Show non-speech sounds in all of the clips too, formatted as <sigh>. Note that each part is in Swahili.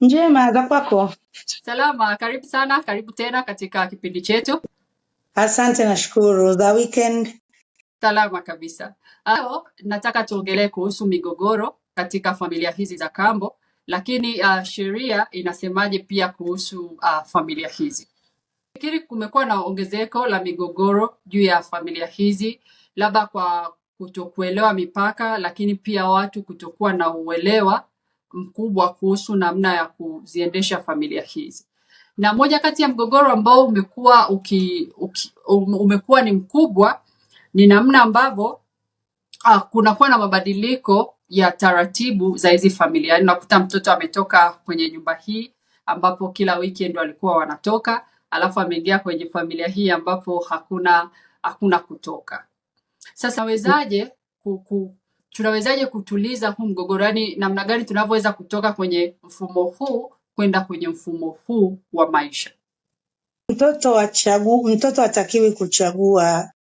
Njema za kwako? Salama, karibu sana, karibu tena katika kipindi chetu. Asante, shukuru. The weekend Salama kabisa. Ah, leo nataka tuongelee kuhusu migogoro katika familia hizi za kambo, lakini uh, sheria inasemaje pia kuhusu uh, familia hizi? Fikiri kumekuwa na ongezeko la migogoro juu ya familia hizi labda kwa kutokuelewa mipaka, lakini pia watu kutokuwa na uelewa mkubwa kuhusu namna ya kuziendesha familia hizi. Na moja kati ya mgogoro ambao umekuwa uki, uki, um, umekuwa ni mkubwa ni namna ambavyo ah, kunakuwa na mabadiliko ya taratibu za hizi familia. unakuta mtoto ametoka kwenye nyumba hii ambapo kila weekend walikuwa wanatoka, alafu ameingia kwenye familia hii ambapo hakuna hakuna kutoka. Sasa wezaje ku, ku, tunawezaje kutuliza huu mgogoro, yani namna gani tunavyoweza kutoka kwenye mfumo huu kwenda kwenye mfumo huu wa maisha? Mtoto achagu, mtoto hatakiwi kuchagua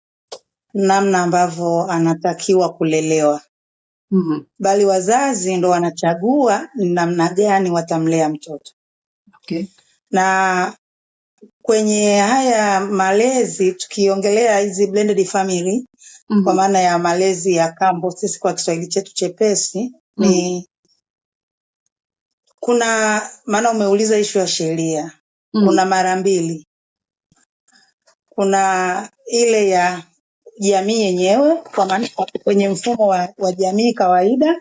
namna ambavyo anatakiwa kulelewa, -hmm. bali wazazi ndo wanachagua ni namna gani watamlea mtoto. Okay. Na kwenye haya malezi, tukiongelea hizi blended family mm -hmm. kwa mm-hmm. maana ya malezi ya kambo, sisi kwa Kiswahili chetu chepesi ni mm -hmm. kuna maana, umeuliza ishu ya sheria mm -hmm. kuna mara mbili, kuna ile ya jamii yenyewe, kwa maana kwenye mfumo wa, wa jamii kawaida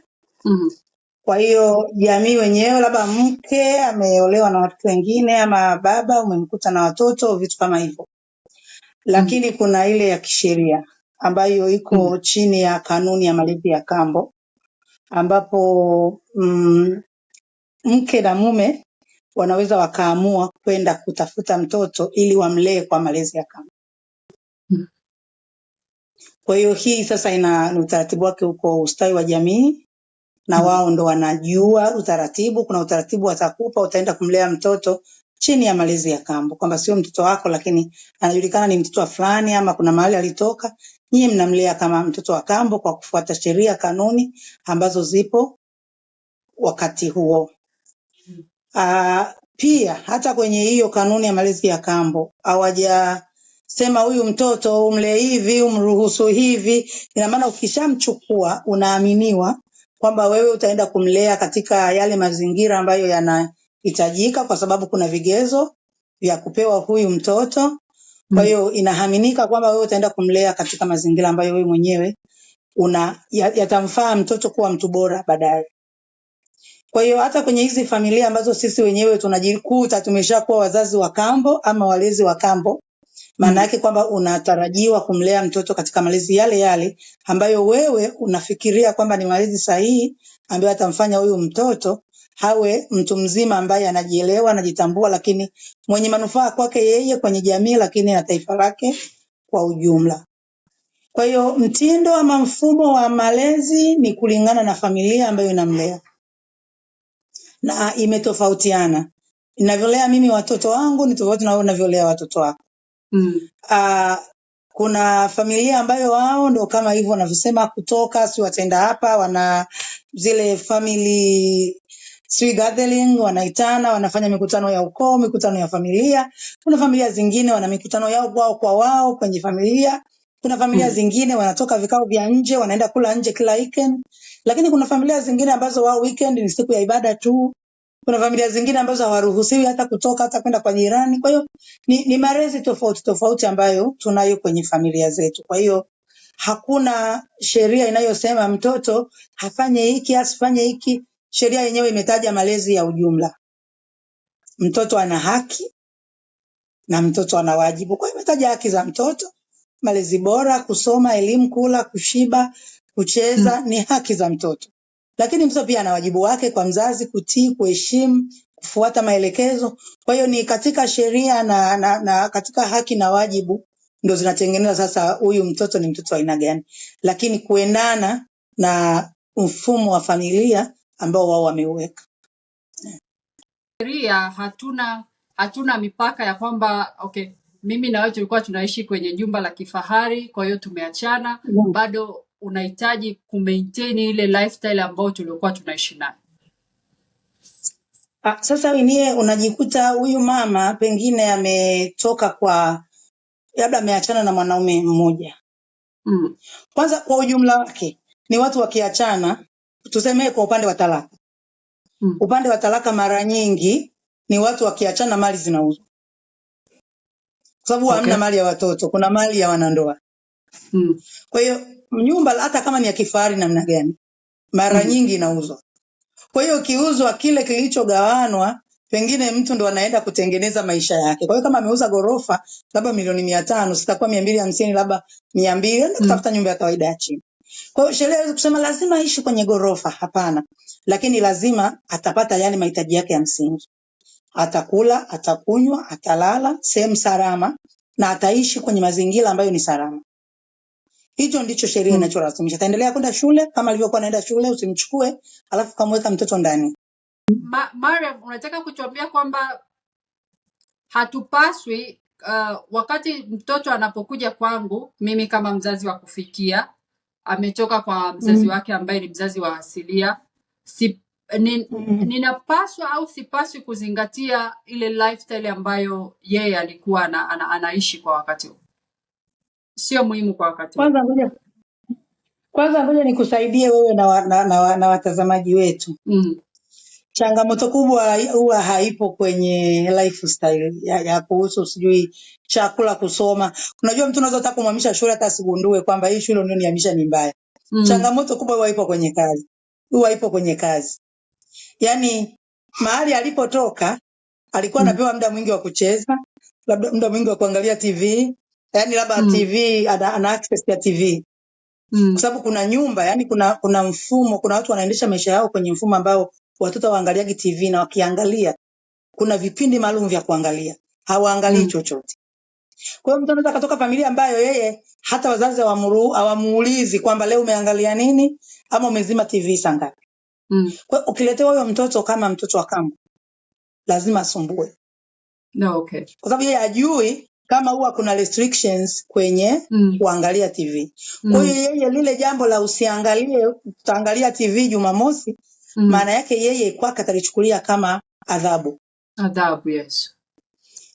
mm -hmm. Kwa hiyo jamii wenyewe, labda mke ameolewa na watu wengine, ama baba umemkuta na watoto, vitu kama hivyo. Lakini mm. kuna ile ya kisheria ambayo iko mm. chini ya kanuni ya malezi ya kambo ambapo mm, mke na mume wanaweza wakaamua kwenda kutafuta mtoto ili wamlee kwa malezi ya kambo. Mm. Kwa hiyo hii sasa ina utaratibu wake huko ustawi wa jamii, na mm. wao ndo wanajua utaratibu. Kuna utaratibu watakupa, utaenda kumlea mtoto chini ya malezi ya kambo, kwamba sio mtoto wako, lakini anajulikana ni mtoto wa fulani, ama kuna mahali alitoka, Nyie mnamlea kama mtoto wa kambo kwa kufuata sheria, kanuni ambazo zipo wakati huo. Hmm. Ah, pia hata kwenye hiyo kanuni ya malezi ya kambo hawajasema huyu mtoto umlee hivi, umruhusu hivi. Ina maana ukishamchukua unaaminiwa kwamba wewe utaenda kumlea katika yale mazingira ambayo yanahitajika, kwa sababu kuna vigezo vya kupewa huyu mtoto kwa mm. hiyo inaaminika kwamba wewe utaenda kumlea katika mazingira ambayo wewe mwenyewe una ya- yatamfaa mtoto kuwa mtu bora baadaye. Kwa hiyo hata kwenye hizi familia ambazo sisi wenyewe tunajikuta tumeshakuwa wazazi wa kambo ama walezi wa kambo, maana yake kwamba unatarajiwa kumlea mtoto katika malezi yale yale ambayo wewe unafikiria kwamba ni malezi sahihi ambayo atamfanya huyu mtoto hawe mtu mzima ambaye anajielewa, anajitambua, lakini mwenye manufaa kwake yeye kwenye jamii, lakini na taifa lake kwa ujumla. Kwa hiyo mtindo ama mfumo wa malezi ni kulingana na familia ambayo inamlea na imetofautiana. Ninavyolea mimi watoto wangu ni tofauti na wewe unavyolea watoto wako. Mm. Uh, kuna familia ambayo wao ndo kama hivyo wanavyosema kutoka si watenda hapa, wana zile family sijui gathering, wanaitana wanafanya mikutano ya ukoo, mikutano ya familia. Kuna familia zingine wana mikutano yao wao kwa wao kwenye familia. Kuna familia Mm. zingine wanatoka vikao vya nje, wanaenda kula nje kila weekend, lakini kuna familia zingine ambazo wao weekend ni siku ya ibada tu. Kuna familia zingine ambazo hawaruhusiwi hata kutoka hata kwenda kwa jirani. Kwa hiyo ni, ni malezi tofauti tofauti ambayo tunayo kwenye familia zetu. Kwa hiyo hakuna sheria inayosema mtoto afanye hiki asifanye hiki sheria yenyewe imetaja malezi ya ujumla, mtoto ana haki na mtoto ana wajibu. Kwa hiyo imetaja haki za mtoto, malezi bora, kusoma, elimu, kula, kushiba, kucheza hmm. ni haki za mtoto, lakini mtoto pia ana wajibu wake kwa mzazi, kutii, kuheshimu, kufuata maelekezo. Kwa hiyo ni katika sheria na, na, na katika haki na wajibu ndo zinatengeneza sasa huyu mtoto ni mtoto wa aina gani, lakini kuendana na mfumo wa familia ambao wao wameuweka. Sheria hatuna hatuna mipaka ya kwamba okay, mimi na wewe tulikuwa tunaishi kwenye jumba la kifahari, kwa hiyo tumeachana, mm. bado unahitaji kumaintain ile lifestyle ambayo tuliokuwa tunaishi nayo. Ah, Sasa winie unajikuta huyu mama pengine ametoka kwa labda ameachana na mwanaume mmoja mm. Kwanza kwa ujumla wake ni watu wakiachana tuseme kwa upande wa talaka mm. upande wa talaka mara nyingi ni watu wakiachana mali zinauzwa kwa sababu okay. hamna mali ya watoto kuna mali ya wanandoa mm. kwa hiyo nyumba hata kama ni ya kifahari namna gani mara mm. nyingi inauzwa kwa hiyo kiuzwa kile kilichogawanwa pengine mtu ndo anaenda kutengeneza maisha yake. Kwa hiyo kama ameuza gorofa labda milioni mia tano, sitakuwa mia mbili hamsini, labda mia mbili, enda hmm. kutafuta nyumba ya kawaida ya chini. Kwa hiyo sheria haiwezi kusema lazima aishi kwenye ghorofa, hapana, lakini lazima atapata yale mahitaji yake ya msingi, atakula, atakunywa, atalala sehemu salama na ataishi kwenye mazingira ambayo ni salama. Hicho ndicho sheria hmm, inachorasimisha. Ataendelea kwenda shule kama alivyokuwa anaenda shule, usimchukue alafu kamweka mtoto ndani. Ma Mariam, unataka kutuambia kwamba hatupaswi uh, wakati mtoto anapokuja kwangu mimi kama mzazi wa kufikia ametoka kwa mzazi mm. wake ambaye ni mzazi wa asilia si, nin, mm. Mm-hmm. ninapaswa au sipaswi kuzingatia ile lifestyle ambayo yeye alikuwa ana, ana, anaishi kwa wakati huu sio muhimu kwa wakati kwanza ngoja kwanza ngoja nikusaidie wewe na, na, na, na, na watazamaji wetu mm changamoto kubwa huwa haipo kwenye lifestyle ya, ya kuhusu sijui chakula kusoma. Unajua, mtu unaweza taka kumhamisha shule hata asigundue kwamba hii shule ndio niamisha ni mbaya. Mm. Changamoto kubwa huwa ipo kwenye kazi, huwa ipo kwenye kazi. Yaani mahali alipotoka alikuwa Mm. anapewa muda mwingi wa kucheza, labda muda mwingi wa kuangalia TV, yaani labda Mm. TV ana, ana access ya TV Mm. kwa sababu kuna nyumba, yani kuna kuna mfumo, kuna watu wanaendesha maisha yao kwenye mfumo ambao watoto waangaliagi TV na wakiangalia kuna vipindi maalum vya kuangalia, hawaangalii mm. chochote. Kwa hiyo mtu anaweza akatoka familia ambayo yeye hata wazazi hawamru- hawamuulizi kwamba leo umeangalia nini ama umezima TV saa ngapi. Mm. Kwa hiyo ukiletewa huyo mtoto kama mtoto wa kambo, lazima asumbue, No, okay. kwa sababu yeye ajui kama huwa kuna restrictions kwenye Mm. kuangalia TV. Kwa Mm. hiyo yeye lile jambo la usiangalie, utaangalia TV Jumamosi, mm. maana yake yeye kwake atalichukulia kama adhabu adhabu yes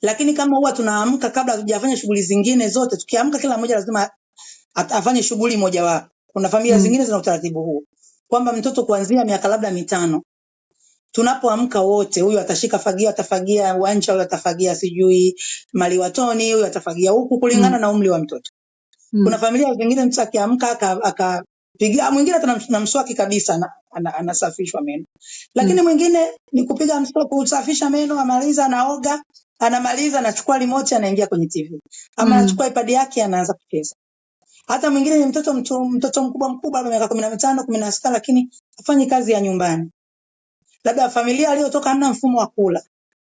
lakini kama huwa tunaamka kabla hatujafanya shughuli zingine zote tukiamka kila mmoja lazima afanye shughuli moja wa kuna familia mm. zingine zina utaratibu huu kwamba mtoto kuanzia miaka labda mitano tunapoamka wote, huyu atashika fagia atafagia uwanja, huyu atafagia sijui maliwatoni, huyu atafagia huku, kulingana mm. na umri wa mtoto mm. kuna familia zingine mtu akiamka piga mwingine hata na mswaki kabisa ana- ana- anasafishwa meno, lakini hmm. mwingine ni kupiga mswaki, kusafisha meno, amaliza anaoga, anamaliza anachukua remote anaingia kwenye TV ama hmm. anachukua hmm. ipad yake anaanza kucheza. Hata mwingine ni mtoto mtu, mtoto mkubwa mkubwa, labda miaka kumi na mitano kumi na sita, lakini hafanyi kazi ya nyumbani, labda familia aliyotoka hamna mfumo wa kula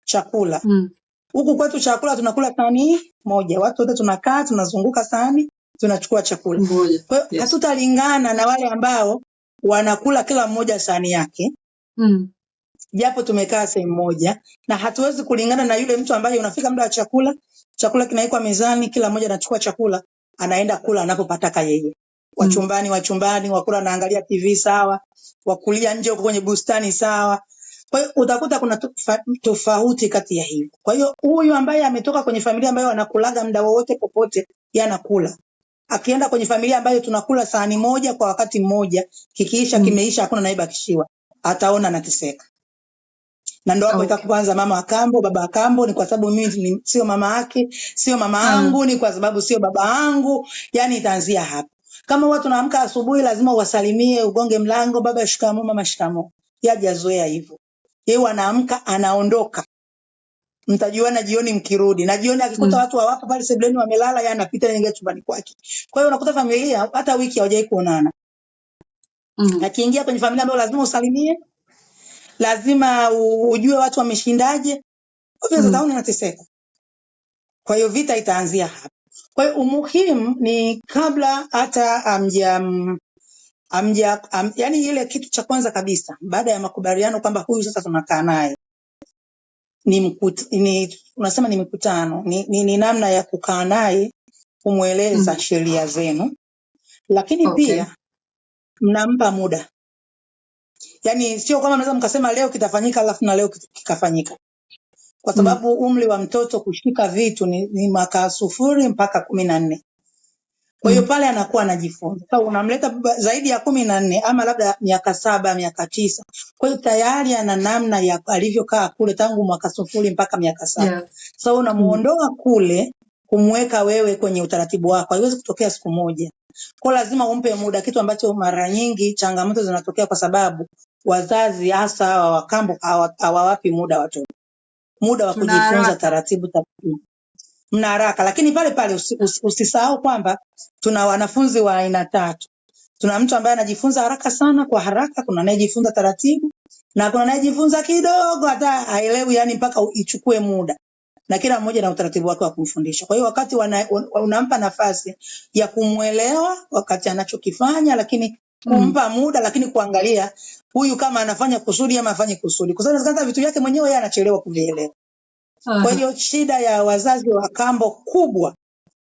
chakula. Hmm. Huku hmm. kwetu chakula tunakula sahani moja, watu wote tunakaa tunazunguka sahani tunachukua chakula. Kwa yes. hatutalingana na wale ambao wanakula kila mmoja sahani yake mm. japo tumekaa sehemu moja, na hatuwezi kulingana na yule mtu ambaye unafika muda wa chakula, chakula kinawekwa mezani, kila mmoja anachukua chakula anaenda kula anapopataka yeye wachumbani hmm. wachumbani, wakula wanaangalia TV sawa, wakulia nje huko kwenye bustani sawa. Kwa hiyo utakuta kuna tufa, tofauti kati ya hivi. Kwa hiyo huyu ambaye ametoka kwenye familia ambayo anakulaga muda wowote popote, yanakula akienda kwenye familia ambayo tunakula sahani moja kwa wakati mmoja, kikiisha mm. kimeisha, hakuna anayebakishiwa, ataona anateseka. Na ndo hapo okay. Kwanza mama wa kambo, baba wa kambo, ni kwa sababu mimi ni- sio mama yake, sio mama ah. yangu, mm. ni kwa sababu sio baba yangu, yani itaanzia hapo. Kama watu naamka asubuhi, lazima uwasalimie, ugonge mlango, baba shikamo, mama shikamoo. Yajazoea hivyo, yeye anaamka anaondoka mtajuana jioni mkirudi, na jioni akikuta mm. watu hawapo pale sebuleni wamelala, yeye anapita anaingia chumbani kwake. Kwa hiyo unakuta familia hata wiki hawajai kuonana mm. akiingia kwenye familia ambayo lazima usalimie, lazima ujue watu wameshindaje, obviously mm. nateseka Kwa hiyo vita itaanzia hapa. Kwa hiyo umuhimu ni kabla hata amja um, amja um, yani ile kitu cha kwanza kabisa baada ya makubaliano kwamba huyu sasa tunakaa naye ni, mkut, ni unasema ni mikutano ni, ni, ni namna ya kukaa naye kumweleza mm. sheria zenu, lakini okay. pia mnampa muda, yaani sio kwamba naweza mkasema leo kitafanyika alafu na leo kikafanyika, kwa mm. sababu umri wa mtoto kushika vitu ni, ni mwaka sufuri mpaka kumi na nne. Kwa hiyo mm. pale anakuwa anajifunza. Sasa unamleta zaidi ya kumi na nne ama labda miaka saba miaka tisa, kwa hiyo tayari ana namna ya alivyokaa kule tangu mwaka sufuri mpaka miaka saba. Yeah. Sasa unamuondoa mm. kule kumweka wewe kwenye utaratibu wako, haiwezi kutokea siku moja. Kwa lazima umpe muda, kitu ambacho mara nyingi changamoto zinatokea kwa sababu wazazi hasa hawa wakambo hawawapi muda watoto, muda wa kujifunza taratibu taratibu mna haraka, lakini pale pale usi- usi- usisahau kwamba Tuna wanafunzi wa aina tatu. Tuna mtu ambaye anajifunza haraka sana kwa haraka, kuna anayejifunza taratibu na kuna anayejifunza kidogo hata haelewi, yani mpaka ichukue muda, na kila mmoja na utaratibu wake wa kumfundisha. Kwa hiyo wakati wana, un- unampa nafasi ya kumwelewa wakati anachokifanya, lakini Mm. kumpa muda, lakini kuangalia huyu kama anafanya kusudi ama afanye kusudi, kwa sababu inawezekana vitu vyake mwenyewe yeye anachelewa kuvielewa. Kwa hiyo shida ya wazazi wa kambo kubwa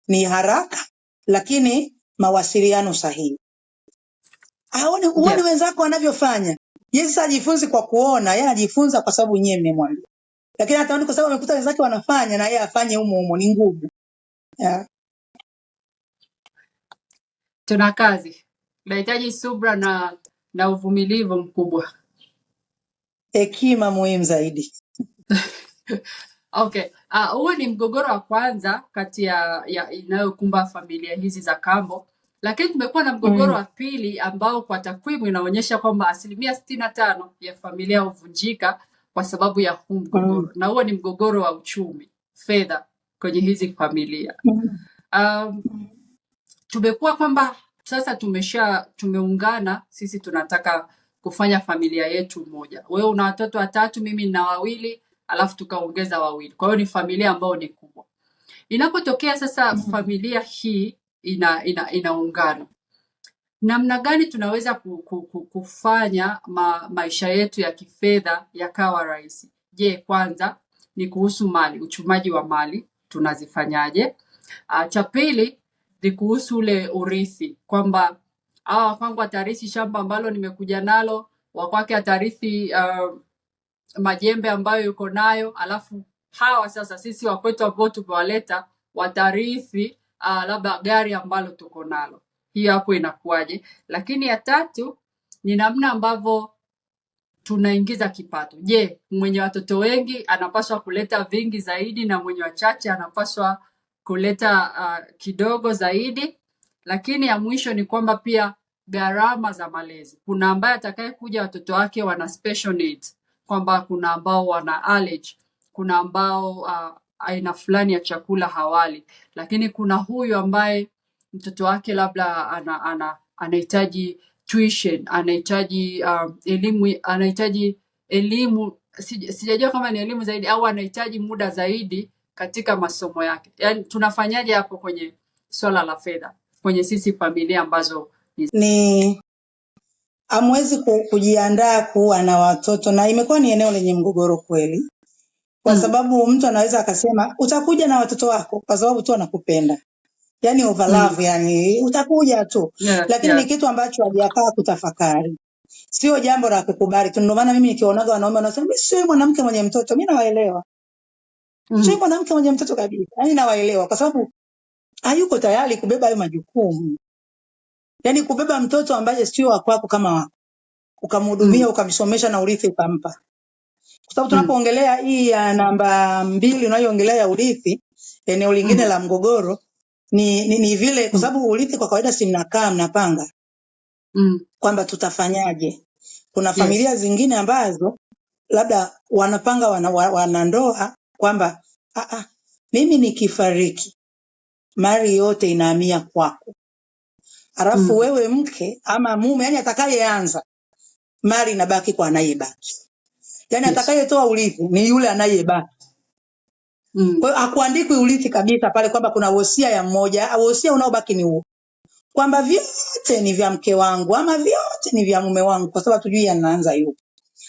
ni haraka lakini mawasiliano sahihi. Aone uone yeah. wenzako wanavyofanya. Yesu sasa ajifunzi kwa kuona, yeye anajifunza kwa sababu yeye mmemwambia. Lakini hata kwa sababu amekuta wenzake wanafanya na yeye afanye humo humo ni ngumu. Yeah. Tuna kazi, nahitaji subra na na uvumilivu mkubwa, hekima muhimu zaidi. <laughs> Okay, ah, huu uh, ni mgogoro wa kwanza kati ya, ya inayokumba familia hizi za kambo, lakini tumekuwa na mgogoro mm. wa pili ambao kwa takwimu inaonyesha kwamba asilimia sitini na tano ya familia huvunjika kwa sababu ya huu mgogoro mm. na huo ni mgogoro wa uchumi, fedha kwenye hizi familia mm. um, mm. tumekuwa kwamba sasa tumesha tumeungana sisi tunataka kufanya familia yetu moja. Wewe una watoto watatu, mimi na wawili alafu tukaongeza wawili. Kwa hiyo ni familia ambayo ni kubwa. Inapotokea sasa mhm. familia hii ina, ina, inaungana namna gani tunaweza kufanya ma, maisha yetu ya kifedha yakawa rahisi? Je, kwanza ni kuhusu mali, uchumaji wa mali tunazifanyaje? Ah, cha pili ni kuhusu ule urithi, kwamba hawa ah, kwangu atarithi shamba ambalo nimekuja nalo, wakwake atarithi uh, ah, majembe ambayo yuko nayo, alafu hawa sasa sisi wakwetu ambao tumewaleta watarithi uh, labda gari ambalo tuko nalo. Hiyo hapo inakuwaje? Lakini ya tatu ni namna ambavyo tunaingiza kipato. Je, mwenye watoto wengi anapaswa kuleta vingi zaidi na mwenye wachache anapaswa kuleta uh, kidogo zaidi? Lakini ya mwisho ni kwamba pia gharama za malezi. Kuna ambaye kuja watoto wake wana special needs kwamba kuna ambao wana allergy, kuna ambao uh, aina fulani ya chakula hawali, lakini kuna huyu ambaye mtoto wake labda ana, ana, anahitaji tuition, anahitaji uh, elimu anahitaji elimu sijajua kama ni elimu zaidi au anahitaji muda zaidi katika masomo yake. Yani, tunafanyaje hapo kwenye swala la fedha kwenye sisi familia ambazo ni hamwezi kujiandaa kuwa na watoto, na imekuwa ni eneo lenye mgogoro kweli, kwa Mm. sababu mtu anaweza akasema utakuja na watoto wako kwa sababu tu anakupenda, yani Mm. yani utakuja tu, Yeah, lakini ni kitu ambacho hajakaa kutafakari, sio jambo la kukubali tu. Ndio maana mimi nikionaga wanaume wanasema mimi sio mwanamke mwenye mtoto, mimi nawaelewa, mm. sio mwanamke mwenye mtoto kabisa, yani nawaelewa kwa sababu hayuko tayari kubeba hayo majukumu yani kubeba mtoto ambaye sio wa kwako kama wako, ukamhudumia, Mm. ukamsomesha na urithi ukampa. Kwa sababu Mm. tunapoongelea hii ya namba mbili unayoongelea ya urithi, eneo lingine Mm. la mgogoro ni, ni, ni vile, kwa mm. sababu urithi kwa kawaida si mnakaa mnapanga Mm. kwamba tutafanyaje. Kuna Yes. familia zingine ambazo labda wanapanga wana, wanandoa kwamba ah, ah, mimi nikifariki mali yote inaamia kwako alafu mm. wewe mke ama mume, yani atakayeanza mali inabaki kwa anayebaki, yani yes. atakayetoa urithi ni yule anayebaki. Mm. Kwa hiyo hakuandikwi urithi kabisa pale kwamba kuna wosia ya mmoja, wosia unaobaki ni huo kwamba vyote ni vya mke wangu ama vyote ni vya mume wangu, kwa sababu tujui anaanza yupo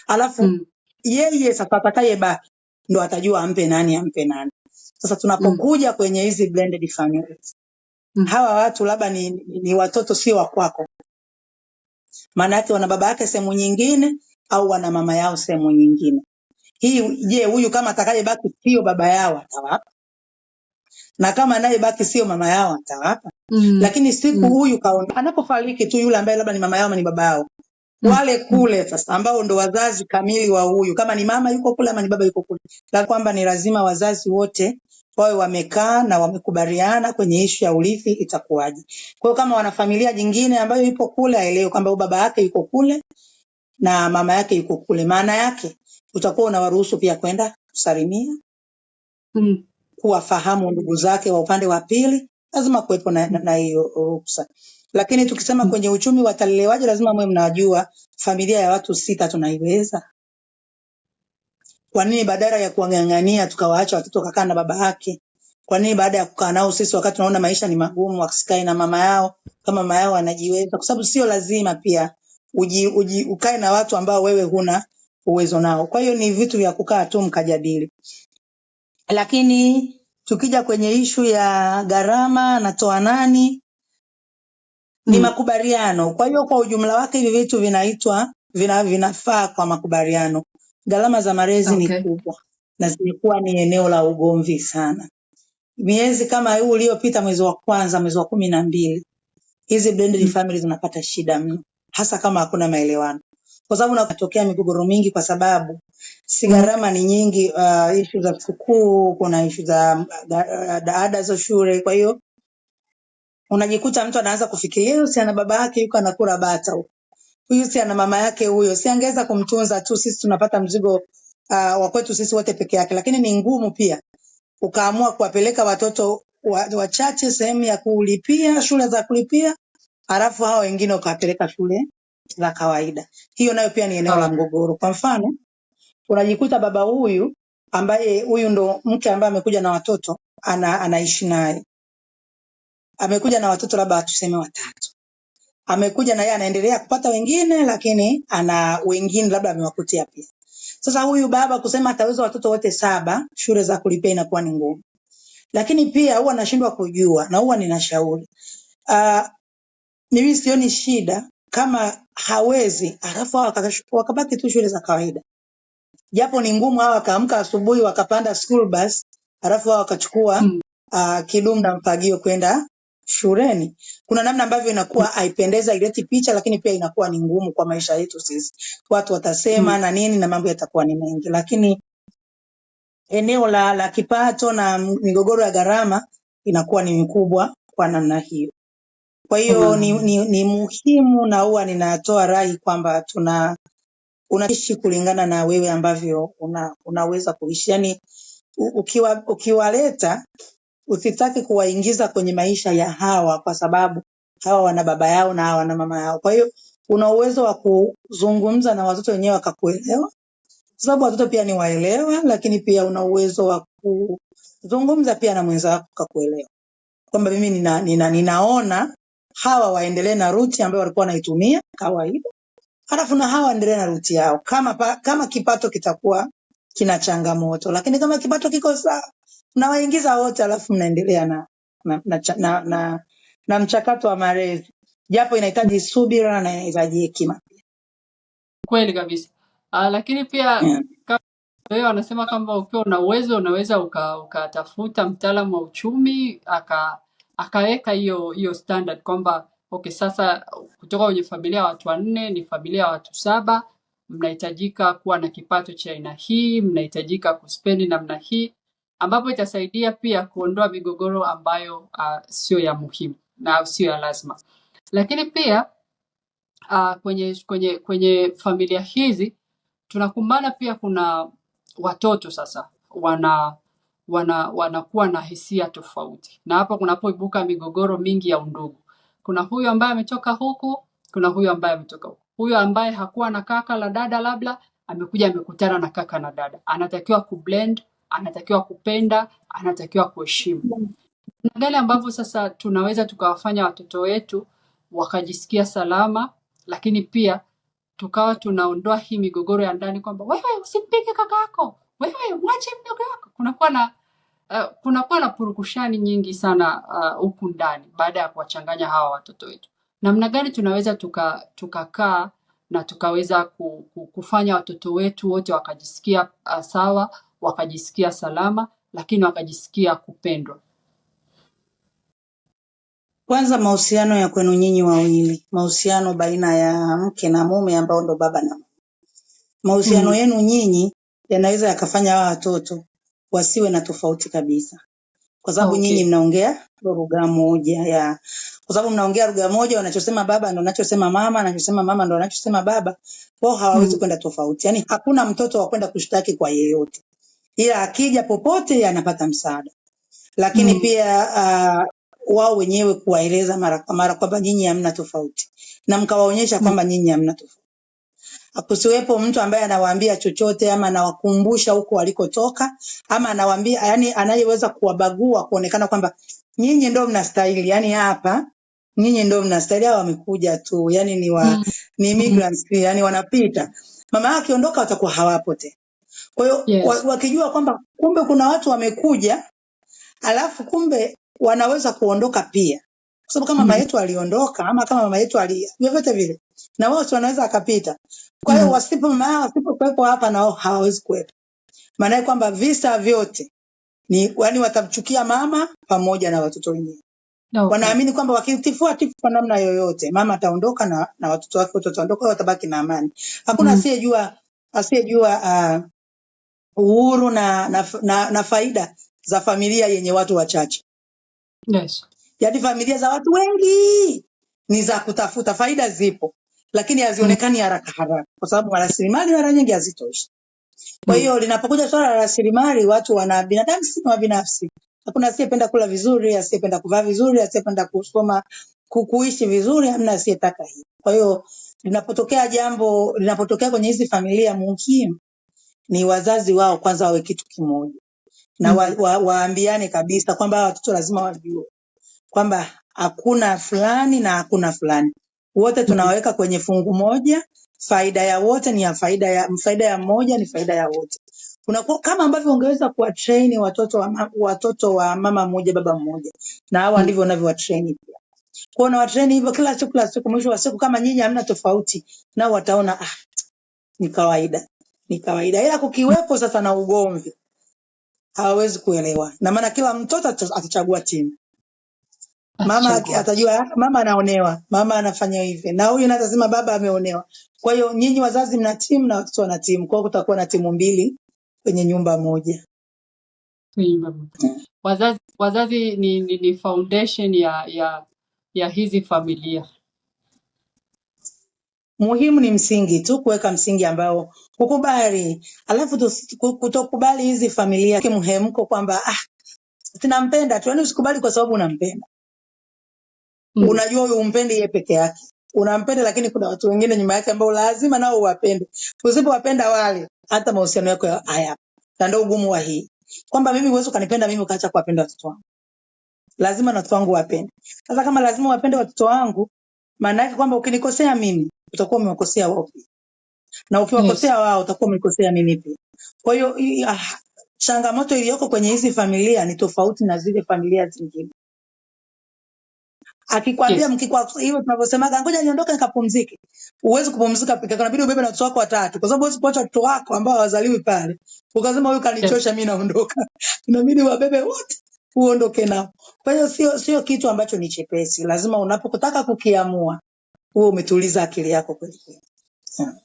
Alafu mm. yeye sasa atakayebaki ndo atajua ampe nani ampe nani. Sasa tunapokuja mm. kwenye hizi blended families hawa watu labda ni, ni watoto sio wa kwako, maana yake wana baba yake sehemu nyingine au wana mama yao sehemu nyingine. Hii je, huyu kama atakayebaki sio baba yao atawapa, na kama anayebaki sio mama yao atawapa. Mm. Lakini siku mm. huyu kaona anapofariki tu yule ambaye labda ni mama yao ama ni baba yao wale mm. kule sasa, ambao ndo wazazi kamili wa huyu, kama ni mama yuko kule ama ni baba yuko kule, la kwamba ni lazima wazazi wote wawe wamekaa na wamekubaliana kwenye ishu ya urithi itakuwaje. Kwa hiyo kama wanafamilia jingine ambayo ipo kule aelewe kwamba baba yake yuko kule na mama yake yuko kule, maana yake utakuwa unawaruhusu pia kwenda kusalimia, Mm. kuwafahamu ndugu zake wa upande wa pili, lazima kuwepo na na- na hiyo uh, ruksa. Lakini tukisema hmm. kwenye uchumi watalelewaje, lazima mwe mnajua familia ya watu sita tunaiweza kwa nini badala ya kuwang'ang'ania tukawaacha watoto wakakaa na baba yake? Kwa nini baada ya kukaa nao sisi wakati tunaona maisha ni magumu wakisikae na mama yao kama mama yao anajiweza? Kwa sababu sio lazima pia uji, uji, ukae na watu ambao wewe huna uwezo nao. Kwa hiyo ni vitu vya kukaa tu mkajadili, lakini tukija kwenye ishu ya gharama natoa nani, ni mm. makubaliano. Kwa hiyo kwa ujumla wake hivi vitu vinaitwa vina, vinafaa kwa makubaliano. Gharama za malezi okay, ni kubwa na zimekuwa ni eneo la ugomvi sana. Miezi kama huu uliopita, mwezi wa kwanza, mwezi wa kumi na mbili, hizi blended mm. families zinapata shida mno, hasa kama hakuna maelewano, kwa sababu nakatokea migogoro mingi, kwa sababu si mm. gharama ni nyingi. Uh, ishu za sikukuu, kuna ishu za uh, ada za shule, kwa hiyo unajikuta mtu anaanza kufikiria usiana baba yake yuko anakula bata huko huyu si ana mama yake huyo, si angeweza kumtunza tu, sisi tunapata mzigo uh, wa kwetu sisi wote peke yake. Lakini ni ngumu pia ukaamua kuwapeleka watoto wa- wachache sehemu ya kulipia shule za kulipia, halafu hao wengine ukawapeleka shule za kawaida. Hiyo nayo pia ni eneo la ah. mgogoro. Kwa mfano, unajikuta baba huyu ambaye huyu ndo mke ambaye amekuja na watoto ana, anaishi naye amekuja na watoto labda tuseme watatu amekuja na yeye anaendelea kupata wengine, lakini ana wengine labda amewakutia pia. Sasa huyu baba kusema ataweza watoto wote saba, shule za kulipia inakuwa ni ngumu, lakini pia huwa nashindwa kujua na huwa ninashauri uh, mimi sioni shida kama hawezi, alafu wakabaki tu shule za kawaida, japo ni ngumu. Hawa wakaamka asubuhi wakapanda school bus, alafu hawa wakachukua mm. uh, ah, kidumu na mpagio kwenda shuleni, kuna namna ambavyo inakuwa haipendezi, ileti picha, lakini pia inakuwa ni ngumu kwa maisha yetu sisi. Watu watasema mm. na nini na mambo yatakuwa ni mengi, lakini eneo la, la kipato na migogoro ya gharama inakuwa ni mikubwa kwa namna hiyo. Kwa hiyo mm. ni, ni, ni muhimu na huwa ninatoa rai kwamba tuna unaishi kulingana na wewe ambavyo una, unaweza kuishi. yani ukiwa ukiwaleta usitaki kuwaingiza kwenye maisha ya hawa, kwa sababu hawa wana baba yao na hawa wana mama yao. Kwa hiyo una uwezo wa kuzungumza na watoto wenyewe wakakuelewa, kwa sababu watoto pia ni waelewa, lakini pia una uwezo wa kuzungumza pia na wako kakuelewa kwamba mimi nina, nina, ninaona hawa waendelee na ruti ambayo walikuwa wanaitumia kawaida, halafu na hawa waendelee na ruti yao, kama, pa, kama kipato kitakuwa kina changamoto, lakini kama kipato kiko sawa mnawaingiza wote alafu mnaendelea na na, na, na, na, na mchakato wa malezi japo inahitaji subira na inahitaji hekima kweli kabisa uh, lakini pia yeah. Wewe wanasema kwamba ukiwa una uwezo unaweza ukatafuta uka mtaalamu wa uchumi akaweka hiyo hiyo standard kwamba okay, sasa kutoka kwenye familia ya watu wanne ni familia ya watu saba, mnahitajika kuwa na kipato cha aina hii, mnahitajika kuspendi namna hii ambapo itasaidia pia kuondoa migogoro ambayo uh, sio ya muhimu na sio ya lazima. Lakini pia uh, kwenye, kwenye, kwenye familia hizi tunakumbana pia, kuna watoto sasa wana wana wanakuwa na hisia tofauti, na hapo kunapoibuka migogoro mingi ya undugu. Kuna huyu ambaye ametoka huku, kuna huyu ambaye ametoka huku. Huyu ambaye hakuwa na kaka la dada labda amekuja amekutana na kaka na dada, anatakiwa kublend anatakiwa kupenda, anatakiwa kuheshimu. Na vile ambavyo sasa tunaweza tukawafanya watoto wetu wakajisikia salama, lakini pia tukawa tunaondoa hii migogoro ya ndani kwamba wewe usimpige yako wewe mwache mdogo wako. Kunakuwa na uh, kunakuwa na purukushani nyingi sana eh, huku uh, ndani baada ya kuwachanganya hawa watoto wetu. Namna gani tunaweza tukakaa tuka na tukaweza kufanya watoto wetu wote wakajisikia uh, sawa wakajisikia salama, lakini wakajisikia kupendwa. Kwanza mahusiano ya kwenu nyinyi wawili, mahusiano baina ya mke na mume ambao ndo baba na mama. Mahusiano mm. yenu nyinyi yanaweza yakafanya hawa watoto wasiwe na tofauti kabisa, kwa sababu okay. nyinyi mnaongea lugha moja ya, kwa sababu mnaongea lugha moja, wanachosema baba ndo anachosema mama, anachosema mama ndo anachosema baba, kwao hawawezi mm. kwenda tofauti. Yani hakuna mtoto wa kwenda kushtaki kwa yeyote ila akija popote anapata msaada, lakini mm. pia uh, wao wenyewe kuwaeleza mara kwa mara kwamba nyinyi hamna tofauti na mkawaonyesha kwamba mm. nyinyi hamna tofauti kusiwepo mtu ambaye anawaambia chochote ama anawakumbusha huko walikotoka ama anawaambia yani, anayeweza kuwabagua kuonekana kwamba nyinyi ndio mnastahili, yani hapa nyinyi ndio mnastahili, hawa wamekuja tu, yani ni wa, mm. ni mm. migrants, yani wanapita. Mama akiondoka watakuwa hawapo tena. Kwa hiyo yes. Wakijua kwamba kumbe kuna watu wamekuja, alafu kumbe wanaweza kuondoka pia, kwa sababu kama mm. mama mm-hmm. yetu aliondoka ama kama mama yetu ali vyovyote vile, na wao wanaweza akapita. Kwa hiyo mm. wasipo mama wasipo wasipokuwepo hapa, na hawawezi kuwepo. Maana kwamba visa vyote ni yani, watamchukia mama pamoja na watoto wengine. Okay. Wanaamini kwamba wakitifua tifu kwa namna yoyote, mama ataondoka na, na watoto wake wote wataondoka, watabaki na amani. Hakuna mm. asiyejua asiyejua uh, uhuru na, na, na, na faida za familia yenye watu wachache yes. yaani familia za watu wengi ni za kutafuta faida zipo lakini hazionekani haraka haraka kwa sababu rasilimali mara nyingi hazitoshi kwa hiyo mm. linapokuja swala la rasilimali watu wana binadamu si ni wabinafsi hakuna asiyependa kula vizuri asiyependa kuvaa vizuri asiyependa kusoma kuishi vizuri hamna asiyetaka hii kwa hiyo linapotokea jambo linapotokea kwenye hizi familia muhimu ni wazazi wao kwanza wawe kitu kimoja na wa, wa, waambiane kabisa kwamba hawa watoto lazima wajue kwamba hakuna fulani na hakuna fulani, wote tunawaweka kwenye fungu moja. Faida ya wote ni ya faida ya faida ya mmoja ni faida ya wote. Unakuwa kama ambavyo ungeweza kuwatrain watoto wa, watoto wa mama mmoja baba mmoja, na hawa ndivyo unavyowatrain pia kwao, watrain hivyo kila siku kila siku, mwisho wa siku kama nyinyi hamna tofauti, nao wataona ah, ni kawaida ni kawaida, ila kukiwepo sasa na ugomvi hawawezi kuelewa, na maana kila mtoto atachagua timu. Mama atajua mama anaonewa, mama anafanya hivi, na huyu natasema baba ameonewa. Kwa hiyo nyinyi wazazi mna timu na watoto wana timu, kwa hiyo kutakuwa na timu mbili kwenye nyumba moja. Wazazi, wazazi ni, ni, ni foundation ya, ya, ya hizi familia. Muhimu ni msingi tu, kuweka msingi ambao kukubali, alafu kutokubali hizi familia kimhemko kwamba ah, tunampenda tu, yani usikubali kwa sababu unampenda. Mm. Unajua huyu umpendi yeye peke yake, unampenda lakini kuna watu wengine nyuma yake ambao lazima nao uwapende. Usipowapenda wale, hata mahusiano yako haya. hayapo, na ndio ugumu wa hii kwamba mimi huwezi ukanipenda mimi ukaacha kuwapenda watoto wangu. Lazima na watoto wangu wapende. Sasa kama lazima wapende watoto wangu, maana yake kwamba ukinikosea mimi utakuwa umekosea wao pia, na yes. ukiwakosea wao utakuwa umekosea mimi pia. Kwa hiyo ah, changamoto iliyoko kwenye hizi familia ni tofauti na zile familia zingine. Akikwambia Yes. mkikwa hivyo tunavyosemaga, ngoja niondoke nikapumzike, uwezi kupumzika pika yako, ubebe na watoto wako watatu, kwa sababu huwezi kuacha watoto wako ambao hawazaliwi pale ukasema huyu kanichosha Yes. kanichosha, mi naondoka. <laughs> Inabidi wabebe wote uondoke nao. Kwa hiyo sio sio kitu ambacho ni chepesi, lazima unapotaka kukiamua huo umetuliza akili yako kweli kweli sana.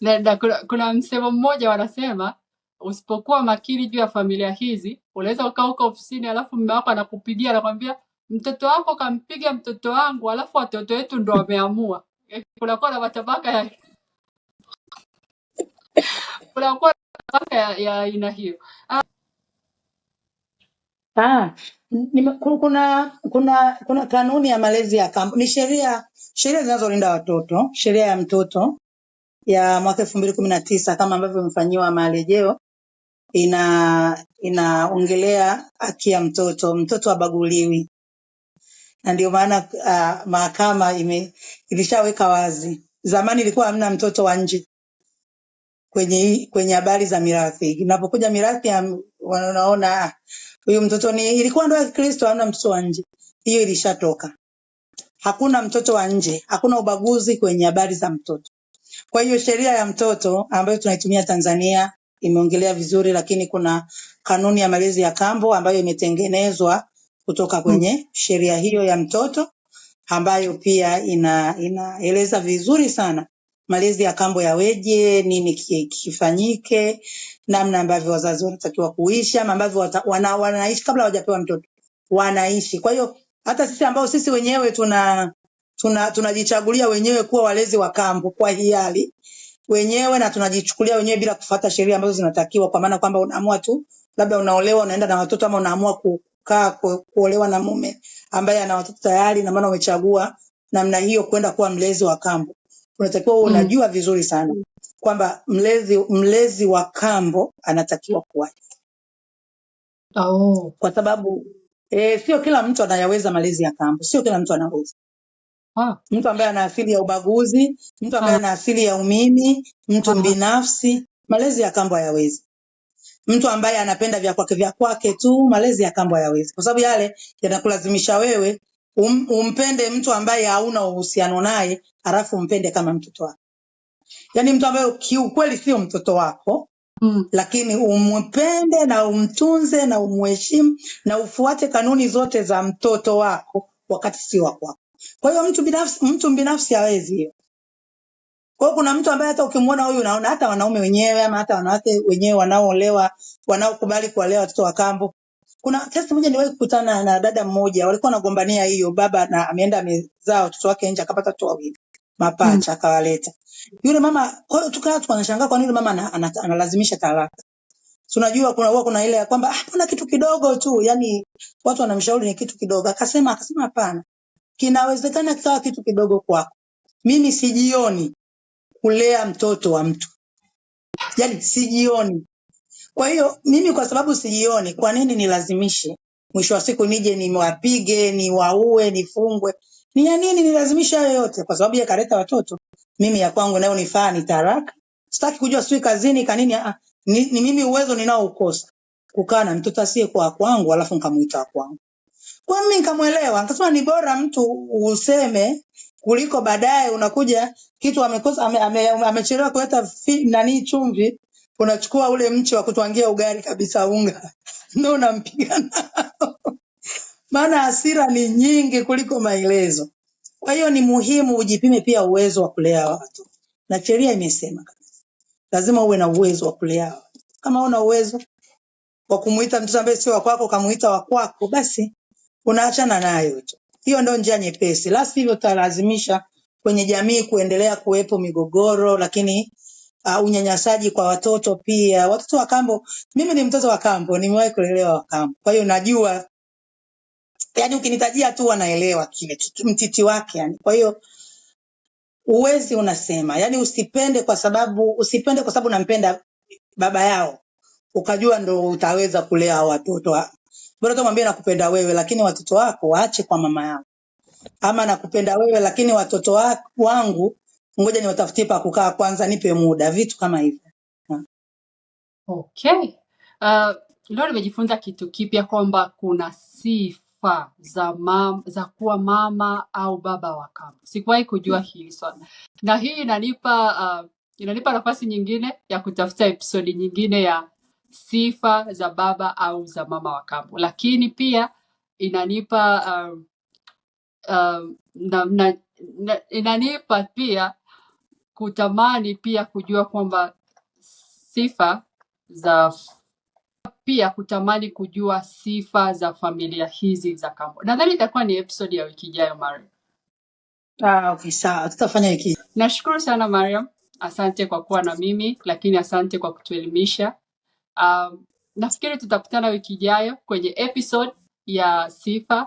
na, na kuna, kuna msemo mmoja wanasema usipokuwa makini juu ya familia hizi unaweza ukaa huko ofisini alafu mume wako anakupigia anakwambia mtoto wako kampiga mtoto wangu alafu watoto wetu ndo wameamua eh, kunakuwa na matabaka ya kunakuwa na matabaka ya aina hiyo ah, ah kuna kuna kuna kanuni ya malezi ya kambo ni sheria sheria zinazolinda watoto sheria ya mtoto ya mwaka elfu mbili kumi na tisa kama ambavyo imefanyiwa marejeo ina inaongelea haki ya mtoto mtoto abaguliwi na ndio maana uh, mahakama ime ilishaweka wazi zamani ilikuwa hamna mtoto wa nje kwenye hii- kwenye habari za mirathi inapokuja mirathi ya wanaona huyu mtoto ni ilikuwa ndoa ya Kikristo, hamna mtoto wa nje. Hiyo ilishatoka. Hakuna mtoto wa nje, hakuna ubaguzi kwenye habari za mtoto. Kwa hiyo sheria ya mtoto ambayo tunaitumia Tanzania imeongelea vizuri, lakini kuna kanuni ya malezi ya kambo ambayo imetengenezwa kutoka kwenye sheria hiyo ya mtoto ambayo pia ina inaeleza vizuri sana malezi ya kambo yaweje, nini kifanyike, namna ambavyo wazazi wanatakiwa kuishi ama ambavyo wana, wanaishi kabla hawajapewa mtoto wanaishi. Kwa hiyo hata sisi ambao sisi wenyewe tuna tuna tunajichagulia wenyewe kuwa walezi wa kambo kwa hiari wenyewe na tunajichukulia wenyewe bila kufuata sheria ambazo zinatakiwa, kwa maana kwamba unaamua tu labda unaolewa unaenda na watoto ama unaamua kukaa kuolewa na mume ambaye ana watoto tayari, na maana umechagua namna hiyo kwenda kuwa mlezi wa kambo unatakiwa mm. unajua vizuri sana kwamba mlezi mlezi wa kambo anatakiwa kuwaje, Oh, kwa sababu e, sio kila mtu anayaweza malezi ya kambo, sio kila mtu anaweza ah, mtu ambaye ana asili ya ubaguzi, mtu ambaye ah, ana asili ya umimi, mtu ah, binafsi malezi ya kambo hayawezi. Mtu ambaye anapenda vya kwake vya kwake tu, malezi ya kambo hayawezi, kwa sababu yale yanakulazimisha wewe um, umpende mtu ambaye hauna uhusiano naye alafu umpende kama mtoto wako yaani mtu ambaye kiukweli sio mtoto wako mm. lakini umpende na umtunze na umuheshimu na ufuate kanuni zote za mtoto wako wakati sio wa kwako kwa hiyo mtu binafsi mtu binafsi hawezi hiyo kwa kuna mtu ambaye hata ukimwona huyu unaona hata wanaume wenyewe ama hata wanawake wenyewe wanaoolewa wanaokubali kuwalea watoto wa kambo kuna wakati moja niwahi kukutana na dada mmoja, walikuwa wanagombania hiyo, baba na ameenda amezaa watoto wake nje, akapata watoto wawili mapacha, mm. akawaleta yule mama. Kwa tukaa tukanashangaa tunashangaa yule mama ana- ana- analazimisha talaka. kuna huwa kuna ile ya kwamba ah, kuna kitu kidogo tu, yani watu wanamshauri ni kitu kidogo. Akasema akasema hapana, kinawezekana kikawa kitu kidogo kwako. Mimi sijioni kulea mtoto wa mtu, yani sijioni kwa hiyo mimi kwa sababu sijioni, kwa nini nilazimishe mwisho wa siku nije niwapige, niwaue, nifungwe? Ni ya nini nilazimisha hayo yote? Kwa sababu yakaleta watoto, mimi ya kwangu nayo nifaa ni taraka. Sitaki kujua sijui kazini kanini. ah, Ni, ni mimi uwezo ninaoukosa kukaa na mtoto asiye kwa kwangu, alafu nkamwita kwangu. Kwa mimi nkamwelewa, nkasema ni bora mtu useme kuliko baadaye unakuja kitu amekosa amechelewa ame, ame, kuleta fi- nani chumvi unachukua ule mchi wa kutwangia ugali kabisa unga <laughs> ndo unampiga nao, maana hasira ni nyingi kuliko maelezo. Kwa hiyo ni muhimu ujipime pia uwezo wa kulea watu, na sheria imesema lazima uwe na uwezo wa kulea watu. Kama una uwezo wa kumuita mtoto ambaye sio wakwako ukamuita wakwako basi unaachana nayo tu. Hiyo ndo njia nyepesi, lasi hivyo utalazimisha kwenye jamii kuendelea kuwepo migogoro, lakini uh, unyanyasaji kwa watoto pia. Watoto wa kambo, mimi ni mtoto wa kambo, nimewahi kulelewa wa kambo, kwa hiyo najua, yani ukinitajia tu wanaelewa kile mtiti wake yani. Kwa hiyo uwezi unasema, yani usipende kwa sababu usipende kwa sababu nampenda baba yao, ukajua ndo utaweza kulea watoto wa- bora tumwambie nakupenda wewe, lakini watoto wako waache kwa mama yao, ama nakupenda wewe, lakini watoto wangu ngoja niwatafutie pa kukaa kwanza, nipe muda, vitu kama hivyo. Ha. Okay. Uh, leo nimejifunza kitu kipya kwamba kuna sifa za mam, za kuwa mama au baba wa kambo. Sikuwahi kujua hili swala, na hii inanipa uh, inanipa nafasi nyingine ya kutafuta episodi nyingine ya sifa za baba au za mama wa kambo, lakini pia inanipa uh, uh, na, na, na, inanipa pia kutamani pia kujua kwamba sifa za pia kutamani kujua sifa za familia hizi za kambo. Nadhani itakuwa ni episode ya wiki ijayo, Mariam. Ah, okay, sawa, tutafanya wiki. Nashukuru sana Mariam, asante kwa kuwa na mimi, lakini asante kwa kutuelimisha. Um, nafikiri tutakutana wiki ijayo kwenye episode ya sifa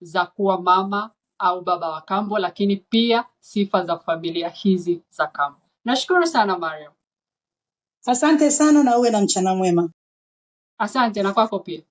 za kuwa mama au baba wa kambo, lakini pia sifa za familia hizi za kambo. Nashukuru sana Mariam, asante sana, na uwe na mchana mwema. Asante na kwako pia.